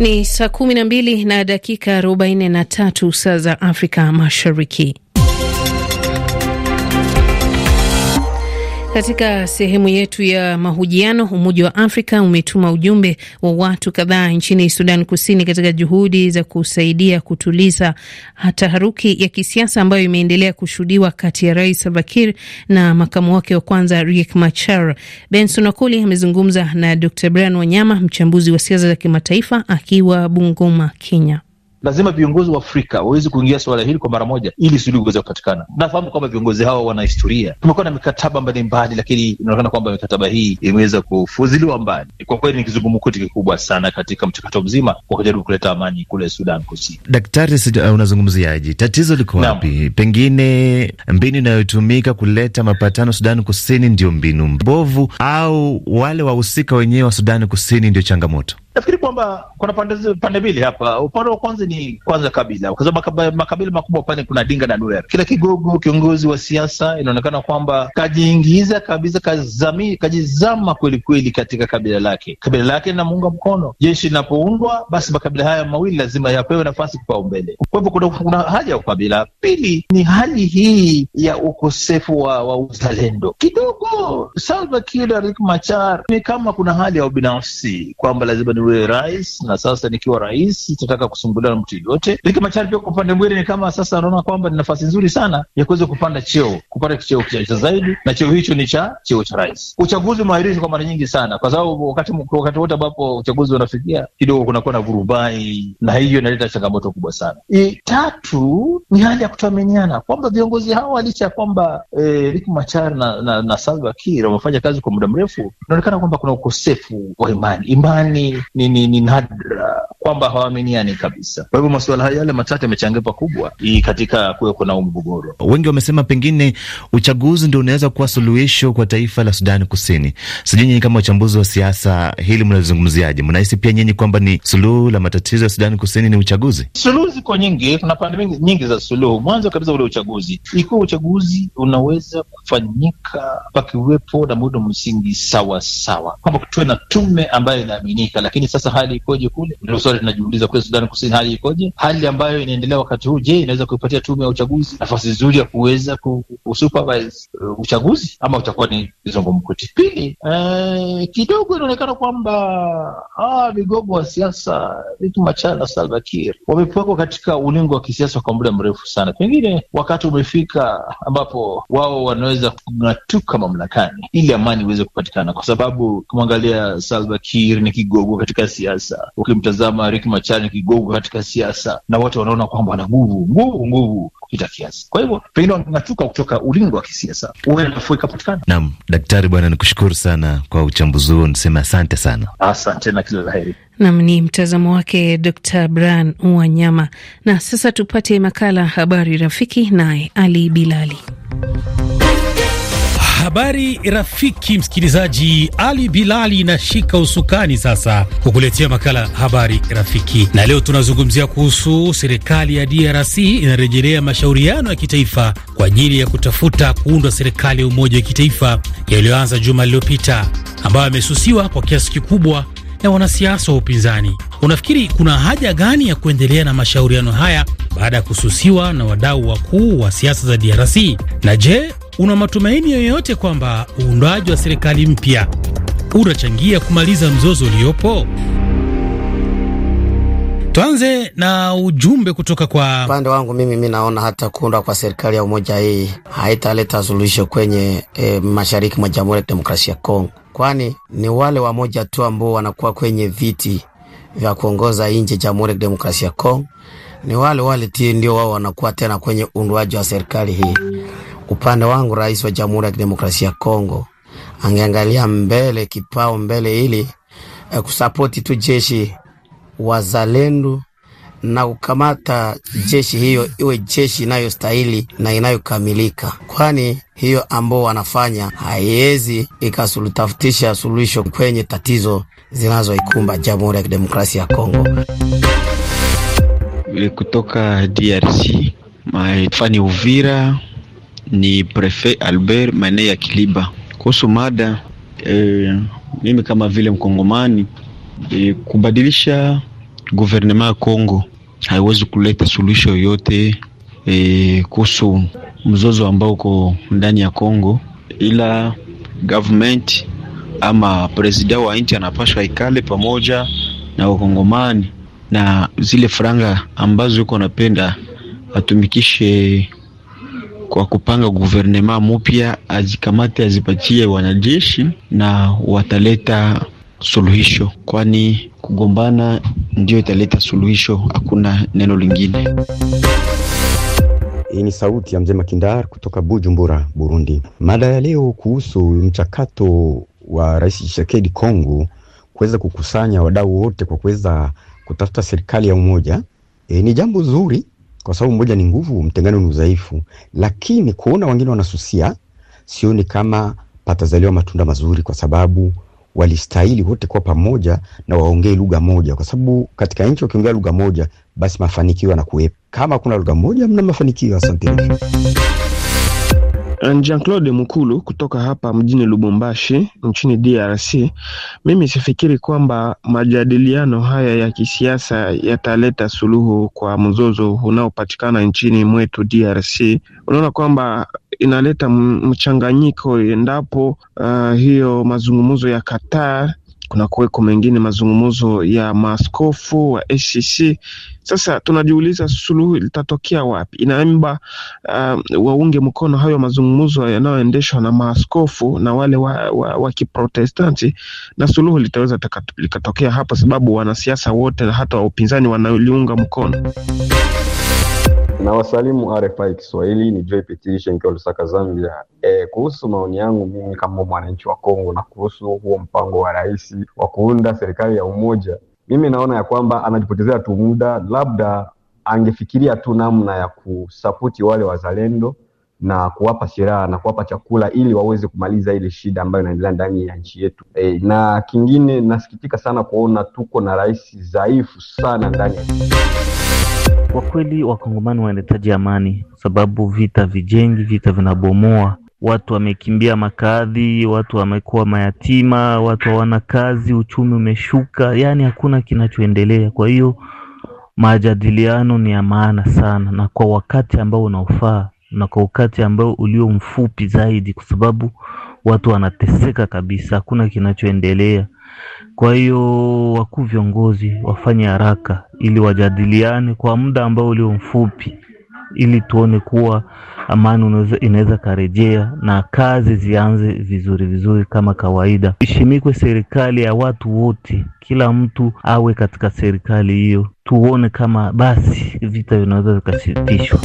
Ni saa kumi na mbili na dakika arobaini na tatu saa za Afrika Mashariki. Katika sehemu yetu ya mahojiano, Umoja wa Afrika umetuma ujumbe wa watu kadhaa nchini Sudan Kusini katika juhudi za kusaidia kutuliza taharuki ya kisiasa ambayo imeendelea kushuhudiwa kati ya Rais Salva Kiir na makamu wake wa kwanza Riek Machar. Benson Wakoli amezungumza na Dr Brian Wanyama, mchambuzi wa siasa za kimataifa akiwa Bungoma, Kenya lazima viongozi wa Afrika waweze kuingia suala hili kwa mara moja, ili suluhu iweze kupatikana. Nafahamu kwamba viongozi hawa wana historia, tumekuwa na mikataba mbalimbali, lakini inaonekana kwamba mikataba hii imeweza kufuziliwa mbali. Kwa kweli ni kizungumkuti kikubwa sana katika mchakato mzima wa kujaribu kuleta amani kule Sudan Kusini. Daktari, uh, unazungumziaje tatizo liko wapi? Pengine mbinu inayotumika kuleta mapatano Sudan Kusini ndio mbinu mbovu, au wale wahusika wenyewe wa Sudan Kusini ndio changamoto? Nafikiri kwamba kuna pande pande mbili hapa. Upande wa kwanza ni kwanza Kabila, kwa sababu makabila makubwa pale kuna Dinga na Nuer. Kila kigogo kiongozi wa siasa inaonekana kwamba kajiingiza kabisa, kazami, kajizama kweli kweli katika kabila lake, kabila lake linamuunga mkono. Jeshi linapoundwa, basi makabila haya mawili lazima yapewe nafasi kipaumbele. Kwa hivyo kuna, kuna haja ya ukabila. Pili ni hali hii ya ukosefu wa, wa uzalendo kidogo. Salva Kiir, Riek Machar ni kama kuna hali ya ubinafsi kwamba lazima niwe rais, na sasa nikiwa rais sitataka kusumbuliwa na mtu yoyote. Riek Machar pia kwa upande mwingine, ni kama sasa anaona kwamba ni nafasi nzuri sana ya kuweza kupanda cheo, kupata cheo cha zaidi, na cheo hicho ni cha cheo cha rais. Uchaguzi umeahirishwa kwa mara nyingi sana, kwa sababu wakati wakati wote ambapo uchaguzi unafikia kidogo kunakuwa na vurubai, na hiyo inaleta changamoto kubwa sana. E, tatu ni hali ya kutoaminiana kwamba viongozi hawa licha ya kwamba e, Riek Machar na, na, na Salva Kiir wamefanya kazi kwa muda mrefu, inaonekana kwamba kuna ukosefu wa imani. Imani Nini Nadra kwamba hawaaminiani kabisa. Kwa hivyo masuala haya yale matatu yamechangia pakubwa katika kuna huu mgogoro. Wengi wamesema pengine uchaguzi ndio unaweza kuwa suluhisho kwa taifa la Sudani Kusini. Sijui nyinyi kama wachambuzi wa siasa hili mnalizungumziaje? Mnahisi pia nyinyi kwamba ni suluhu la matatizo ya Sudani Kusini ni uchaguzi? Suluhu ziko nyingi, kuna pande nyingi za suluhu. Mwanzo kabisa ule uchaguzi, ikiwa uchaguzi unaweza kufanyika pakiwepo na muundo msingi sawasawa, kwamba tuwe na tume ambayo inaaminika. Lakini sasa hali ikoje kule? swali tunajiuliza kule Sudani Kusini hali ikoje? Hali ambayo inaendelea wakati huu, je, inaweza kuipatia tume ya uchaguzi nafasi nzuri ya kuweza kusupervise uh, uchaguzi ama utakuwa ni kizongo mkuti? Pili, uh, kidogo inaonekana kwamba ah, vigogo wa siasa Riek Machar na Salva Kiir wamepakwa katika ulingo wa kisiasa kwa muda mrefu sana. Pengine wakati umefika ambapo wao wanaweza kung'atuka mamlakani ili amani iweze kupatikana, kwa sababu ukimwangalia Salva Kiir ni kigogo katika siasa, ukimtazama kama Riek Machar ni kigogo katika siasa, na wote wanaona kwamba ana nguvu nguvu nguvu kupita kiasi. Kwa hivyo pengine wanatuka kutoka ulingo wa kisiasa, uwe nafuu ikapatikana. Naam, daktari bwana, nikushukuru sana kwa uchambuzi huo, niseme asante sana. Asante na kila laheri Nam ni mtazamo wake Dr Bran Wanyama. Na sasa tupate makala Habari Rafiki, naye Ali Bilali. Habari rafiki msikilizaji, Ali Bilali inashika usukani sasa kukuletea makala habari rafiki, na leo tunazungumzia kuhusu serikali ya DRC inarejelea mashauriano ya kitaifa kwa ajili ya kutafuta kuundwa serikali ya umoja wa kitaifa yaliyoanza juma lililopita, ambayo yamesusiwa kwa kiasi kikubwa na wanasiasa wa upinzani. Unafikiri kuna haja gani ya kuendelea na mashauriano haya baada ya kususiwa na wadau wakuu wa siasa za DRC? Na je, una matumaini yoyote kwamba uundwaji wa serikali mpya utachangia kumaliza mzozo uliopo? Tuanze na ujumbe kutoka kwa upande wangu. Mimi mi naona hata kuundwa kwa serikali ya umoja hii haitaleta suluhisho kwenye e, mashariki mwa Jamhuri ya Kidemokrasia ya Kongo, kwani ni wale wamoja tu ambao wanakuwa kwenye viti vya kuongoza nje Jamhuri ya Kidemokrasia ya Kongo, ni wale wale ti ndio wao wanakuwa tena kwenye uundwaji wa serikali hii. Upande wangu, rais wa Jamhuri ya Kidemokrasia ya Kongo angeangalia mbele, kipao mbele, ili eh, kusapoti tu jeshi wazalendo na kukamata jeshi hiyo iwe jeshi inayostahili na inayokamilika, kwani hiyo ambao wanafanya haiwezi ikasulutafutisha suluhisho kwenye tatizo zinazoikumba Jamhuri ya Kidemokrasia ya Kongo. Kutoka DRC maifani Uvira ni Prefet Albert maeneo ya Kiliba. Kuhusu mada e, mimi kama vile Mkongomani e, kubadilisha guvernema ya Kongo haiwezi kuleta suluhisho yoyote e, kuhusu mzozo ambao uko ndani ya Kongo, ila government ama presida wa nchi anapashwa ikale pamoja na wakongomani na zile faranga ambazo yuko anapenda atumikishe kwa kupanga guvernema mupya azikamate azipatie wanajeshi na wataleta suluhisho, kwani kugombana ndio italeta suluhisho, hakuna neno lingine. Hii ni sauti ya mzee Makindar kutoka Bujumbura, Burundi. Mada ya leo kuhusu mchakato wa Rais Tshisekedi Kongo kuweza kukusanya wadau wote kwa kuweza kutafuta serikali ya umoja. E, ni jambo zuri kwa sababu mmoja ni nguvu, mtengano ni udhaifu. Lakini kuona wengine wanasusia, sioni kama patazaliwa matunda mazuri, kwa sababu walistahili wote kuwa pamoja na waongee lugha moja, kwa sababu katika nchi wakiongea lugha moja, basi mafanikio yanakuwepo. Kama kuna lugha moja, mna mafanikio. Asante. Eh, Jean-Claude Mukulu kutoka hapa mjini Lubumbashi nchini DRC. Mimi sifikiri kwamba majadiliano haya ya kisiasa yataleta suluhu kwa mzozo unaopatikana nchini mwetu DRC. Unaona kwamba inaleta mchanganyiko endapo uh, hiyo mazungumzo ya Qatar kuna kuweko mengine mazungumzo ya maaskofu wa ACC. Sasa tunajiuliza suluhu litatokea wapi? Inaomba uh, um, waunge mkono hayo mazungumzo yanayoendeshwa na maaskofu na wale wa, wa, wa Kiprotestanti, na suluhu litaweza likatokea hapa, sababu wanasiasa wote hata wa upinzani wanaliunga mkono. Na wasalimu RFI Kiswahili, ni Joy Petition kwa Lusaka, Zambia. E, kuhusu maoni yangu mimi kama mwananchi wa Kongo na kuhusu huo mpango wa rais wa kuunda serikali ya umoja, mimi naona ya kwamba anajipotezea tu muda, labda angefikiria tu namna ya kusapoti wale wazalendo na kuwapa silaha na kuwapa chakula ili waweze kumaliza ile shida ambayo inaendelea ndani ya nchi yetu. E, na kingine nasikitika sana kuona tuko na rais dhaifu sana ndani ya kwa kweli Wakongomani wanahitaji amani, sababu vita vijengi, vita vinabomoa. Watu wamekimbia makadhi watu wamekuwa mayatima, watu hawana kazi, uchumi umeshuka, yaani hakuna kinachoendelea. Kwa hiyo majadiliano ni ya maana sana, na kwa wakati ambao unaofaa na kwa wakati ambao ulio mfupi zaidi, kwa sababu watu wanateseka kabisa, hakuna kinachoendelea. Kwa hiyo wakuu viongozi wafanye haraka ili wajadiliane kwa muda ambao ulio mfupi, ili tuone kuwa amani inaweza karejea na kazi zianze vizuri vizuri kama kawaida. Ishimikwe serikali ya watu wote, kila mtu awe katika serikali hiyo, tuone kama basi vita vinaweza vikasitishwa.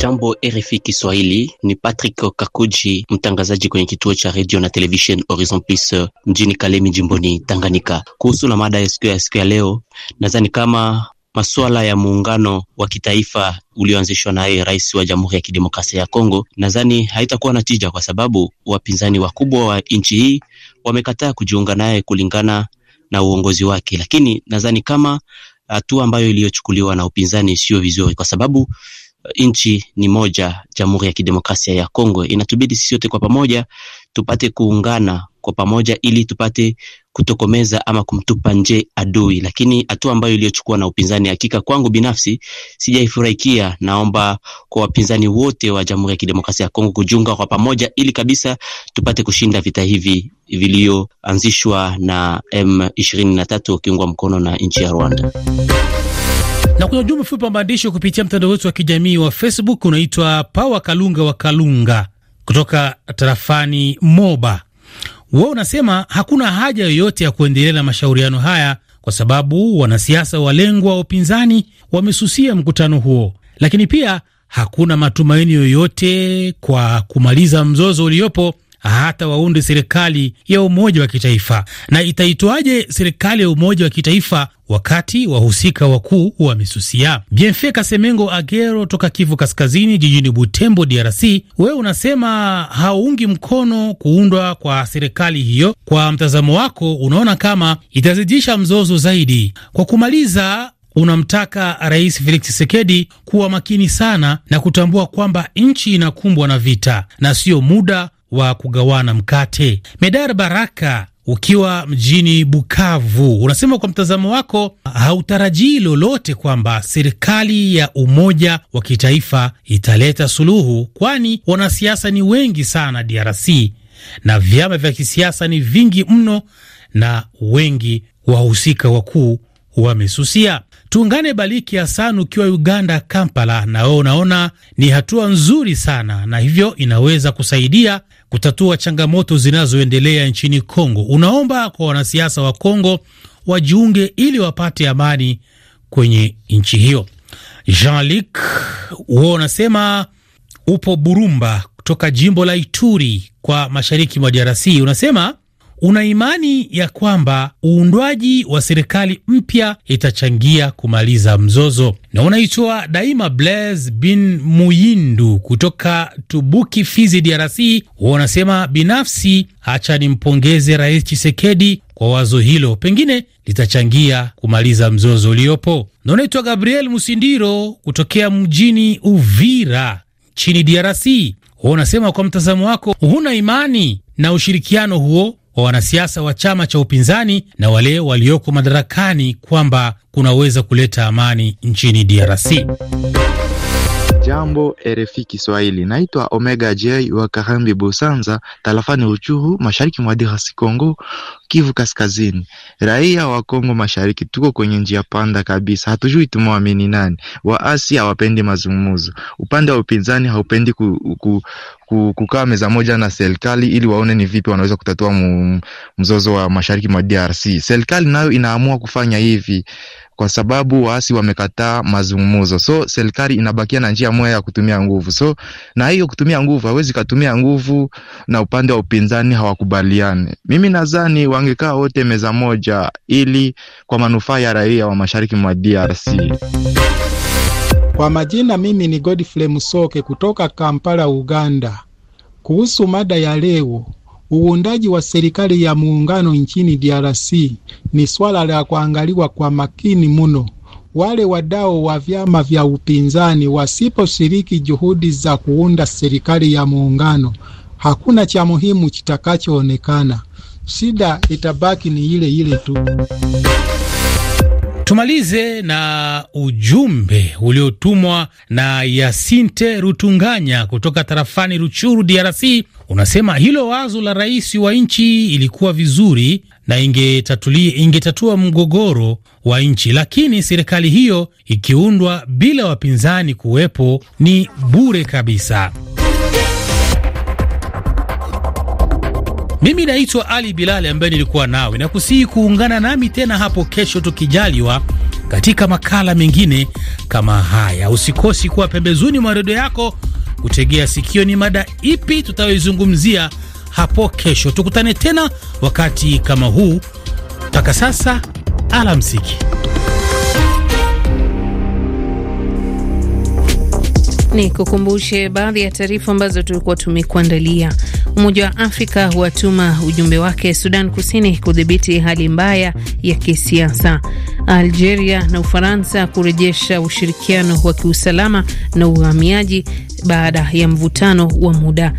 Jambo RFI Kiswahili, ni Patrick Kakuji, mtangazaji kwenye kituo cha redio na television Horizon Plus eh, mjini Kalemi, jimboni Tanganyika. Kuhusu na mada ya siku ya siku ya leo, nadhani kama masuala ya muungano wa kitaifa ulioanzishwa naye rais wa Jamhuri ya Kidemokrasia ya Kongo, nadhani haitakuwa na tija, kwa sababu wapinzani wakubwa wa, wa nchi hii wamekataa kujiunga naye kulingana na uongozi wake, lakini nadhani kama hatua ambayo iliyochukuliwa na upinzani sio vizuri, kwa sababu Eh, nchi ni moja, Jamhuri ya Kidemokrasia ya Kongo. Inatubidi sisi wote kwa pamoja tupate kuungana kwa pamoja ili tupate kutokomeza ama kumtupa nje adui. Lakini hatua ambayo iliyochukua na upinzani, hakika kwangu binafsi sijaifurahikia. Naomba kwa wapinzani wote wa Jamhuri ya Kidemokrasia ya Kongo kujiunga kwa pamoja ili kabisa tupate kushinda vita hivi vilivyoanzishwa na M23 ukiungwa mkono na nchi ya Rwanda. Na kuna ujumbe mfupi wa maandishi kupitia mtandao wetu wa kijamii wa Facebook unaitwa Pawa Kalunga wa Kalunga kutoka tarafani Moba. Wao unasema hakuna haja yoyote ya kuendelea na mashauriano haya kwa sababu wanasiasa walengwa wa upinzani wamesusia mkutano huo, lakini pia hakuna matumaini yoyote kwa kumaliza mzozo uliopo hata waunde serikali ya umoja wa kitaifa. Na itaitwaje serikali ya umoja wa kitaifa wakati wahusika wakuu wamesusia? Bienfait Kasemengo Agero toka Kivu Kaskazini, jijini Butembo, DRC. Wewe unasema hauungi mkono kuundwa kwa serikali hiyo. Kwa mtazamo wako, unaona kama itazidisha mzozo zaidi. Kwa kumaliza unamtaka Rais Felix Tshisekedi kuwa makini sana na kutambua kwamba nchi inakumbwa na vita na siyo muda wa kugawana mkate. Medar Baraka, ukiwa mjini Bukavu, unasema kwa mtazamo wako hautarajii lolote kwamba serikali ya umoja wa kitaifa italeta suluhu, kwani wanasiasa ni wengi sana DRC na vyama vya kisiasa ni vingi mno na wengi wahusika wakuu wamesusia. Tuungane Baliki Hasan ukiwa Uganda, Kampala, na wewe unaona ni hatua nzuri sana, na hivyo inaweza kusaidia kutatua changamoto zinazoendelea nchini Kongo. Unaomba kwa wanasiasa wa Kongo wajiunge ili wapate amani kwenye nchi hiyo. Jean-Luc huo unasema upo Burumba kutoka jimbo la Ituri kwa mashariki mwa DRC, unasema una imani ya kwamba uundwaji wa serikali mpya itachangia kumaliza mzozo. Na unaitwa daima Blaise bin Muyindu kutoka Tubuki, Fizi, DRC. Huwa unasema binafsi, hacha nimpongeze Rais Chisekedi kwa wazo hilo, pengine litachangia kumaliza mzozo uliopo. Na unaitwa Gabriel Musindiro kutokea mjini Uvira nchini DRC. Huwa unasema kwa mtazamo wako huna imani na ushirikiano huo wa wanasiasa wa chama cha upinzani na wale walioko madarakani kwamba kunaweza kuleta amani nchini DRC. Jambo RFI Kiswahili, naitwa Omega J wa Kahambi Busanza, talafani Uchuhu, mashariki mwa DRC Congo, Kivu Kaskazini. Raia wa Kongo Mashariki, tuko kwenye njia panda kabisa, hatujui tumwamini nani. Waasi hawapendi mazungumzo, upande wa upinzani haupendi ku, ku, kukaa meza moja na serikali ili waone ni vipi wanaweza kutatua mzozo wa mashariki mwa DRC. Serikali nayo inaamua kufanya hivi kwa sababu waasi wamekataa mazungumzo, so serikali inabakia na njia moja ya kutumia nguvu. So na hiyo kutumia nguvu, hawezi katumia nguvu na upande wa upinzani hawakubaliani. Mimi nadhani wangekaa wote meza moja, ili kwa manufaa ya raia wa mashariki mwa DRC. Kwa majina mimi ni Godfrey Musoke kutoka Kampala, Uganda. Kuhusu mada ya leo, uundaji wa serikali ya muungano nchini DRC ni swala la kuangaliwa kwa makini mno. Wale wadau wa vyama vya upinzani wasiposhiriki juhudi za kuunda serikali ya muungano, hakuna cha muhimu kitakachoonekana. Shida itabaki ni ile ile tu. Tumalize na ujumbe uliotumwa na Yasinte Rutunganya kutoka tarafani Ruchuru, DRC. Unasema hilo wazo la rais wa nchi ilikuwa vizuri na ingetatua mgogoro wa nchi, lakini serikali hiyo ikiundwa bila wapinzani kuwepo ni bure kabisa. Mimi naitwa Ali Bilali ambaye nilikuwa nawe na kusihi kuungana nami tena hapo kesho tukijaliwa, katika makala mengine kama haya. Usikosi kuwa pembezuni mwa redio yako kutegea sikio ni mada ipi tutayoizungumzia hapo kesho. Tukutane tena wakati kama huu. Mpaka sasa, alamsiki. Ni kukumbushe baadhi ya taarifa ambazo tulikuwa tumekuandalia. Umoja wa Afrika huwatuma ujumbe wake Sudan Kusini kudhibiti hali mbaya ya kisiasa. Algeria na Ufaransa kurejesha ushirikiano wa kiusalama na uhamiaji baada ya mvutano wa muda.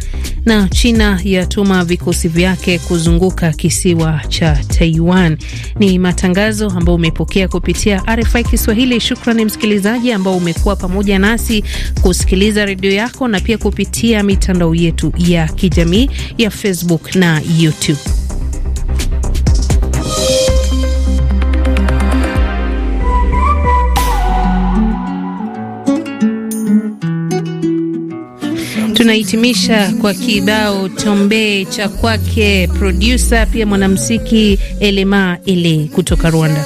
Na China yatuma vikosi vyake kuzunguka kisiwa cha Taiwan. Ni matangazo ambayo umepokea kupitia RFI Kiswahili. Shukrani msikilizaji ambao umekuwa pamoja nasi kusikiliza redio yako na pia kupitia mitandao yetu ya kijamii ya Facebook na YouTube. tunahitimisha kwa kibao tombe cha kwake produsa pia mwanamuziki Elema Ele kutoka Rwanda.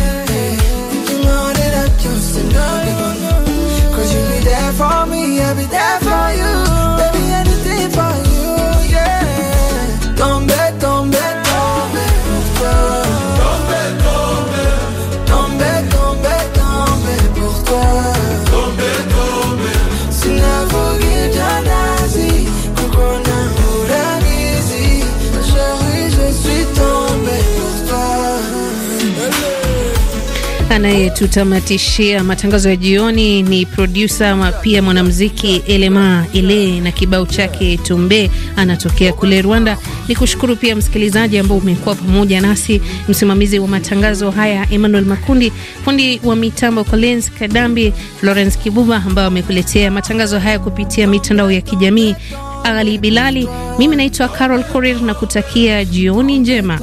you tutamatishia matangazo ya jioni ni produsa pia mwanamziki Elema Ele na kibao chake Tumbe, anatokea kule Rwanda. Ni kushukuru pia msikilizaji ambao umekuwa pamoja nasi. Msimamizi wa matangazo haya Emmanuel Makundi, fundi wa mitambo Collins Kadambi, Florence Kibuba ambao amekuletea matangazo haya kupitia mitandao ya kijamii Ali Bilali. Mimi naitwa Carol Korir na kutakia jioni njema.